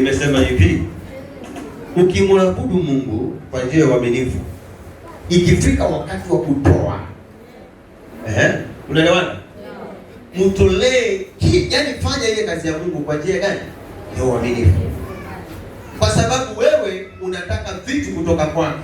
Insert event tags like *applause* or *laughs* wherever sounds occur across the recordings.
nimesema hivi, ukimwabudu Mungu kwa njia ya uaminifu, ikifika wakati wa kutoa, eh, unaelewana, mtolee yani fanya ile kazi ya Mungu kwa njia gani? Ya uaminifu, kwa sababu wewe unataka vitu kutoka kwake,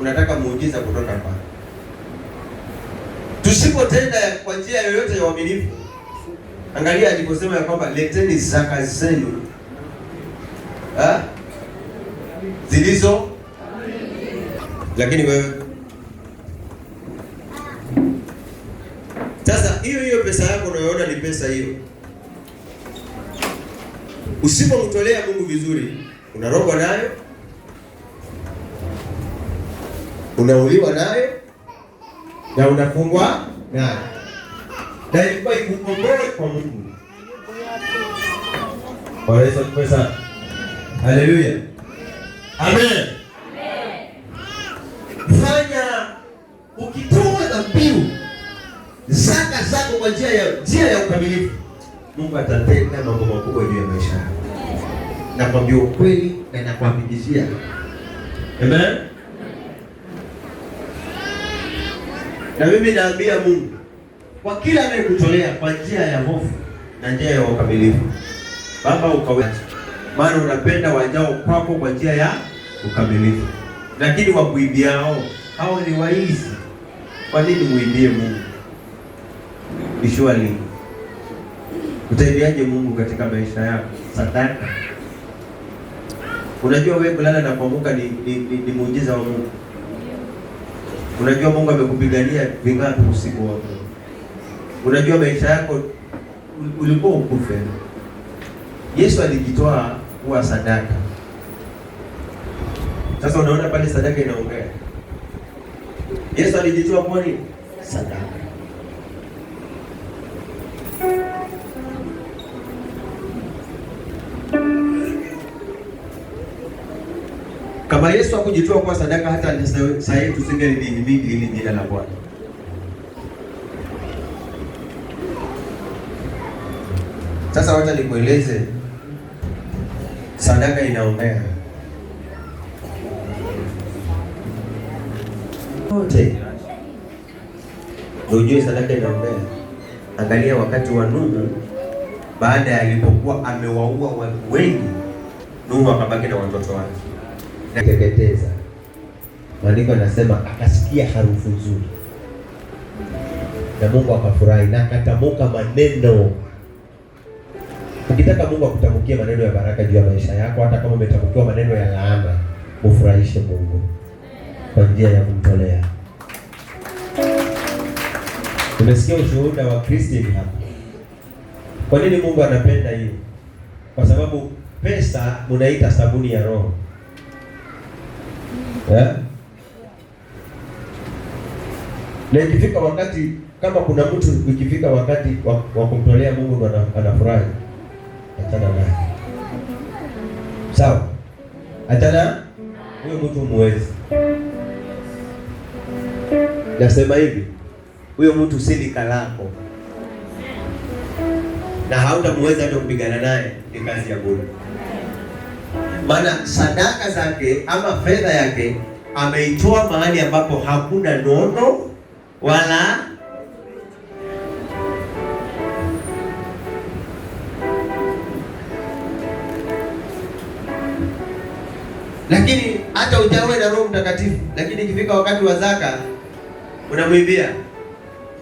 unataka muujiza kutoka kwake. Tusipotenda kwa njia yoyote ya uaminifu, angalia aliposema ya kwamba leteni zaka zenu zilizo lakini wewe sasa, hiyo hiyo pesa yako unayoona ni pesa hiyo, usipomtolea Mungu vizuri, unarogwa nayo, unauliwa nayo na unafungwa nayo, na ilikuwa ikukomboe kwa Mungu. Haleluya. Amen. Fanya ukitoa dhabihu zaka zako kwa njia ya njia ya ukamilifu, Mungu atatenda mambo makubwa juu ya maisha yako. Nakwambia ukweli na nakuhakikishia. Amen. Na mimi naambia Mungu kwa kila anayekutolea kwa njia ya hofu na njia ya ukamilifu, Baba ukawe maana unapenda wajao kwako kwa njia ya ukamilifu. Lakini wakuibiao hao ni waizi. Kwa nini muibie Mungu? Ishuali, utaibiaje Mungu katika maisha yako? Sadaka, unajua wewe kulala na kuamka ni, ni, ni, ni muujiza wa Mungu. Unajua Mungu amekupigania vingapi usiku wote. Unajua maisha yako ulikuwa ukufe. Yesu alijitoa kuwa sadaka. Sasa unaona pale sadaka inaongea. Yesu alijitoa kwa Sadaka. Kama Yesu hakujitoa kuwa sadaka, hata saa hii tusingelihimidi hili jina la Bwana. Sasa wacha nikueleze sadaka inaombea wote, ujue sadaka inaombea. Angalia wakati wa Nuhu, baada ya alipokuwa amewaua watu wengi, Nuhu akabaki na watoto wake teketeza. Maandiko anasema akasikia harufu nzuri na Mungu akafurahi na akatamka maneno Ukitaka Mungu akutamkia maneno ya baraka juu ya maisha yako, hata kama umetamkiwa maneno ya laana, mfurahishe Mungu kwa njia ya kumtolea. Tumesikia ushuhuda wa Christine hapa. Kwa nini Mungu anapenda hiyo? Kwa sababu pesa munaita sabuni ya roho yeah? na ikifika wakati kama kuna mtu ikifika wakati wa kumtolea Mungu ndo anafurahi achana naye. Sawa, achana huyo mtu muwezi. Nasema hivi, huyo mtu si lika lako na hautamuweza hata kupigana naye, ni kazi ya bure. Maana sadaka zake ama fedha yake ameitoa mahali ambapo hakuna nono wala Lakini hata ujawe na Roho Mtakatifu, lakini ikifika wakati wa zaka unamwibia.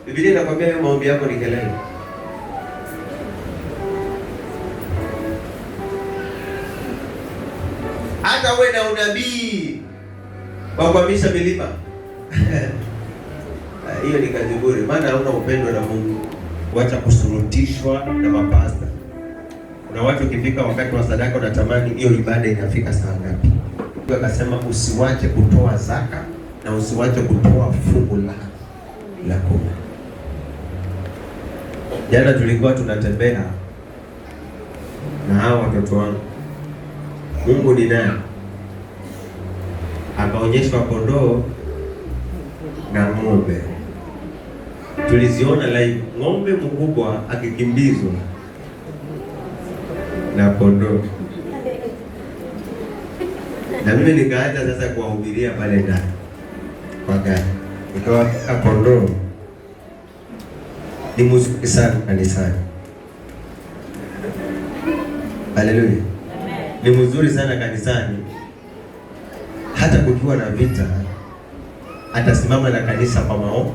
Biblia inakwambia hiyo maombi yako ni kelele. Hata uwe na unabii wa kuhamisha milima *laughs* ah, hiyo ni kajiburi, maana hauna upendo na Mungu. Wacha kusurutishwa na mapasta. Kuna watu ukifika wakati wa sadaka unatamani hiyo ibada inafika saa ngapi? Akasema usiwache kutoa zaka na usiwache kutoa fungu la la kumi. Jana tulikuwa tunatembea na hao watoto wangu, Mungu ni nani, akaonyeshwa kondoo na ng'ombe. Tuliziona lai ng'ombe mkubwa akikimbizwa na kondoo na mimi nikaanza sasa kuwahubiria pale ndani kwa gari, nikawa Kondoo ni muziki sana kanisani. Haleluya, ni mzuri sana kanisani. Hata kukiwa na vita atasimama na kanisa kwa maombi,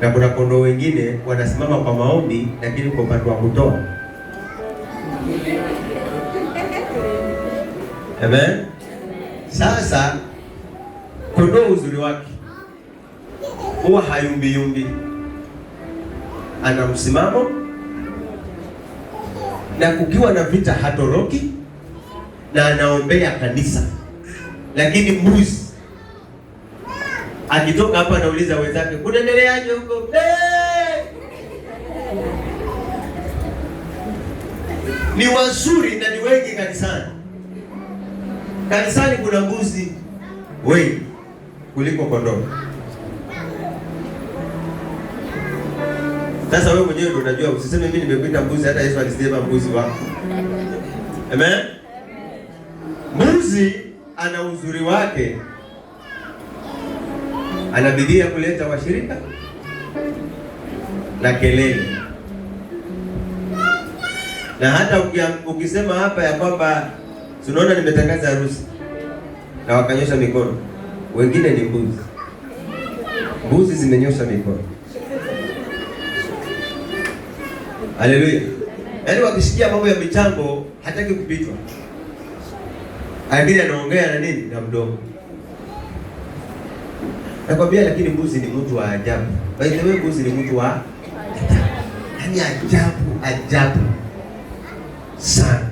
na kuna kondoo wengine wanasimama kwa maombi, lakini kwa upande wa kutoa Amen. Sasa kondoo uzuri wake huwa hayumbiyumbi, ana msimamo, na kukiwa na vita hatoroki na anaombea kanisa. Lakini mbuzi akitoka hapa anauliza wenzake, kunaendeleaje huko? Ni wazuri na ni wengi kanisani Kanisani kuna mbuzi wengi kuliko kondoo. Sasa wewe mwenyewe ndio unajua, usiseme mimi nimekuita mbuzi, hata Yesu alisema mbuzi wako. Amen. Mbuzi ana uzuri wake, ana bidii ya kuleta washirika na kelele, na hata ukisema hapa ya kwamba Si unaona nimetangaza harusi na wakanyosha mikono, wengine ni mbuzi, mbuzi zimenyosha mikono. Haleluya! Yaani wakisikia mambo ya michango hataki kupitwa, lakini anaongea na nini na mdomo. Nakwambia, lakini mbuzi ni mtu wa ajabu. By the way, mbuzi ni mtu wa ajabu, yaani ajabu ajabu sana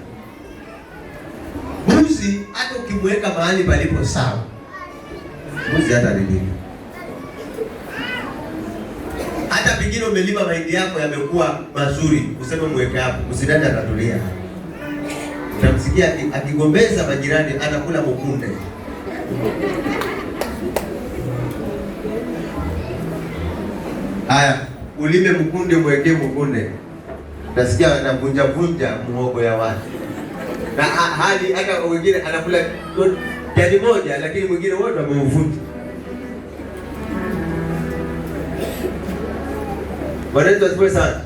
mbuzi hata ukimweka mahali palipo sawa, mbuzi hata nilima hata pengine umelima mahindi yako yamekuwa mazuri, useme mweke hapo, usidani atatulia. Utamsikia akigombeza majirani, anakula mukunde. Haya, ulime mkunde, mwekee mukunde, utasikia anavunja vunja muhogo ya watu na hali hata mwingine anakula jani moja, lakini mwingine wote Yesu asifiwe sana.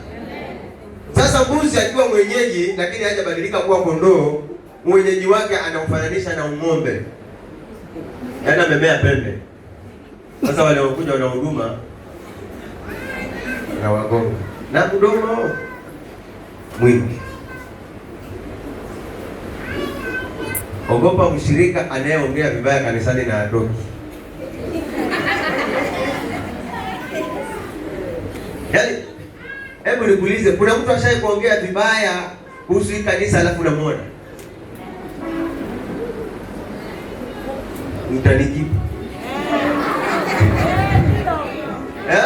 Sasa mbuzi akiwa mwenyeji lakini hajabadilika kuwa kondoo, mwenyeji wake anaufananisha na ng'ombe, yaani amemea pembe. Sasa wale wakuja wana huduma na wagonga na mdomo mwingi Ogopa mshirika anayeongea vibaya kanisani na adoki. Yaani, hebu nikuulize, kuna mtu ashaye kuongea vibaya kuhusu hii kanisa alafu unamwona? Mtanijibu. *laughs* Eh?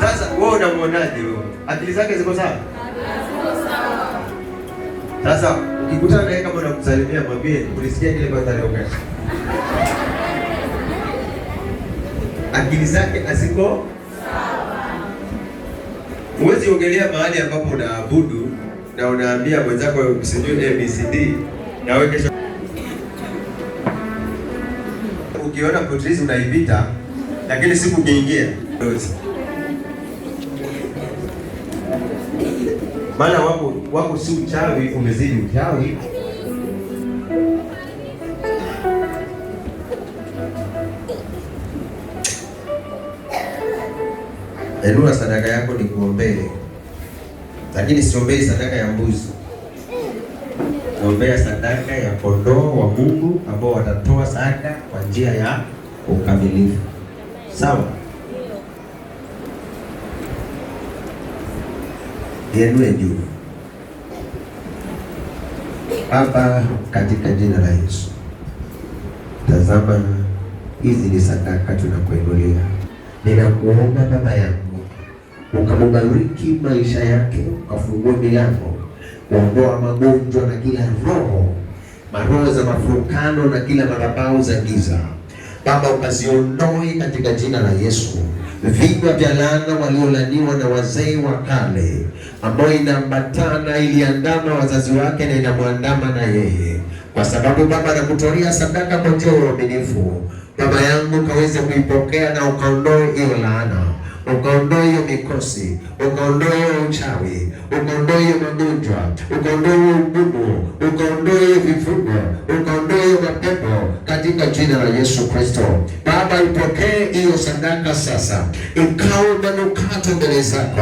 Sasa wewe unamwonaje wewe? Akili zake ziko sawa? Sasa Ukikutana naye kama unamsalimia mwambie ulisikia kile kwanza leo kesho. Akili zake asiko sawa. Huwezi ongelea mahali ambapo unaabudu na unaambia mwenzako usijue ABCD na wewe kesho ukiona potezi unaipita, lakini siku ukiingia maana wako wako, si uchawi umezidi uchawi. elua sadaka yako ni nikuombee, lakini siombei sadaka ya mbuzi, ombea sadaka ya kondoo wa Mungu ambao watatoa sadaka kwa njia ya ukamilifu, sawa? Niinue juu Baba, katika jina la Yesu. Tazama, hizi ni sadaka tunakuinulia. Ninakuomba Baba yangu, ukamubariki maisha yake, ukafungue milango, kuondoa magonjwa na kila roho, maroho za mafurukano na kila madhabahu za giza, Baba ukaziondoe katika jina la Yesu vinywa vya laana waliolaniwa na wazee wa kale, ambayo inaambatana iliandama wazazi wake na inamwandama na yeye, kwa sababu Baba anakutolea sadaka kwa njia ya uaminifu. Baba yangu kaweze kuipokea na ukaondoe hiyo laana ukaondoa hiyo mikosi, ukaondoa hiyo uchawi, ukaondoa hiyo magonjwa, ukaondoa hiyo ugumu, ukaondoa hiyo vifungo, ukaondoa hiyo mapepo katika jina la Yesu Kristo. Baba, ipokee hiyo sadaka sasa, ikawe manukato mbele zako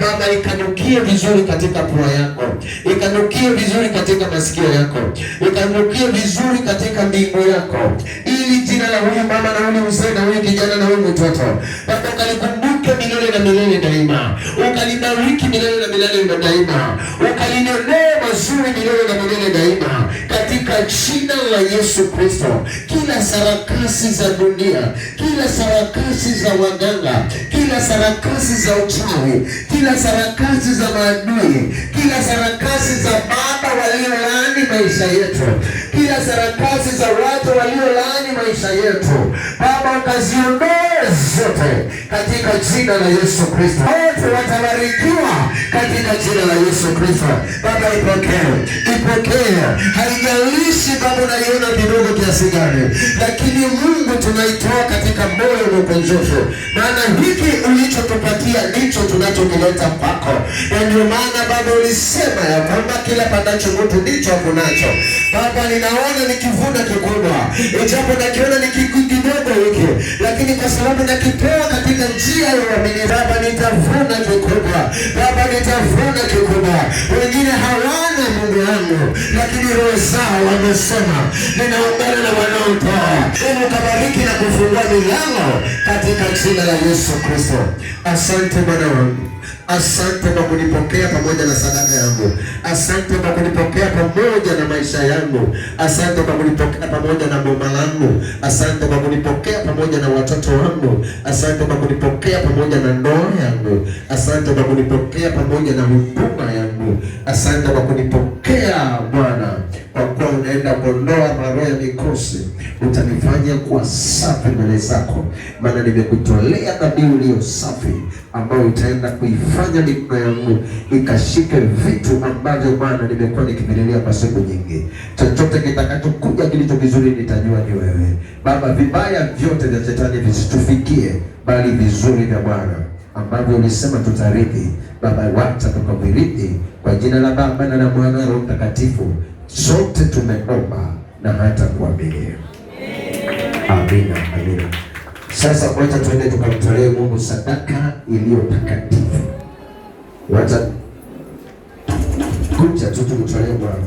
Baba, ikanukie vizuri katika pua yako, ikanukie vizuri katika masikio yako, ikanukie vizuri katika miguu yako, ili jina la huyu mama na huyu mzee na huyu kijana na huyu mtoto Baba na milele daima, ukalibariki milele na milele na daima, ukalinenea mazuri milele na milele daima, katika jina la Yesu Kristo. Kila sarakasi za dunia, kila sarakasi za waganga, kila sarakasi za uchawi, kila sarakasi za maadui, kila sarakasi za baba waliolaani maisha yetu pia sarakasi za watu waliolaani maisha yetu, Baba ukaziondoe zote katika jina la Yesu Kristo. Wote watabarikiwa katika jina la Yesu Kristo. Baba ipokee, ipokee, haijalishi Baba unaiona kidogo kiasi gani, lakini Mungu tunaitoa katika moyo mkunjufu, maana hiki ulichotupatia ndicho tunachokileta kwako, na ndio maana Baba ulisema ya kwamba kila pandacho mtu ndicho akunacho Baba ninaona ni kivuna kikubwa, ijapo nakiona ni kidogo hiki, lakini kwa sababu nakipewa katika njia ya uamini, Baba nitavuna kikubwa, Baba nitavuna kikubwa. Wengine hawana Mungu wangu, lakini roho zao wamesema ninaungana na wanaotoa. Hebu kabariki na kufungua milango katika jina la Yesu Kristo. Asante Bwana wangu. Asante kwa kunipokea pamoja na sadaka yangu. Asante kwa kunipokea pamoja maisha yangu. Asante kwa kunipokea pamoja na boma langu. Asante kwa kunipokea pamoja na watoto wangu. Asante kwa kunipokea pamoja na ndoa yangu. Asante kwa kunipokea pamoja na huduma yangu. Asante kwa kunipokea Bwana, kwa kuwa unaenda kuondoa maroho ya mikosi, utanifanya kuwa safi mbele zako, maana nimekutolea dhabihu iliyo safi, ambayo utaenda kuifanya mikono yangu ikashike vitu ambavyo Bwana nimekuwa nikivililia kwa siku nyingi. Chochote kitakachokuja kilicho kizuri nitajua ni wewe Baba. Vibaya vyote vya shetani visitufikie, bali vizuri vya Bwana ambavyo ulisema tutarithi Baba, wacha tukamwirithi kwa jina la Baba na la Mwana Roho Mtakatifu. Sote tumeomba na hata kuamini. Amina, amina. Sasa wacha tuende tukamtolee Mungu sadaka iliyo takatifu. Wacha kuja tu tumtolee Bwana.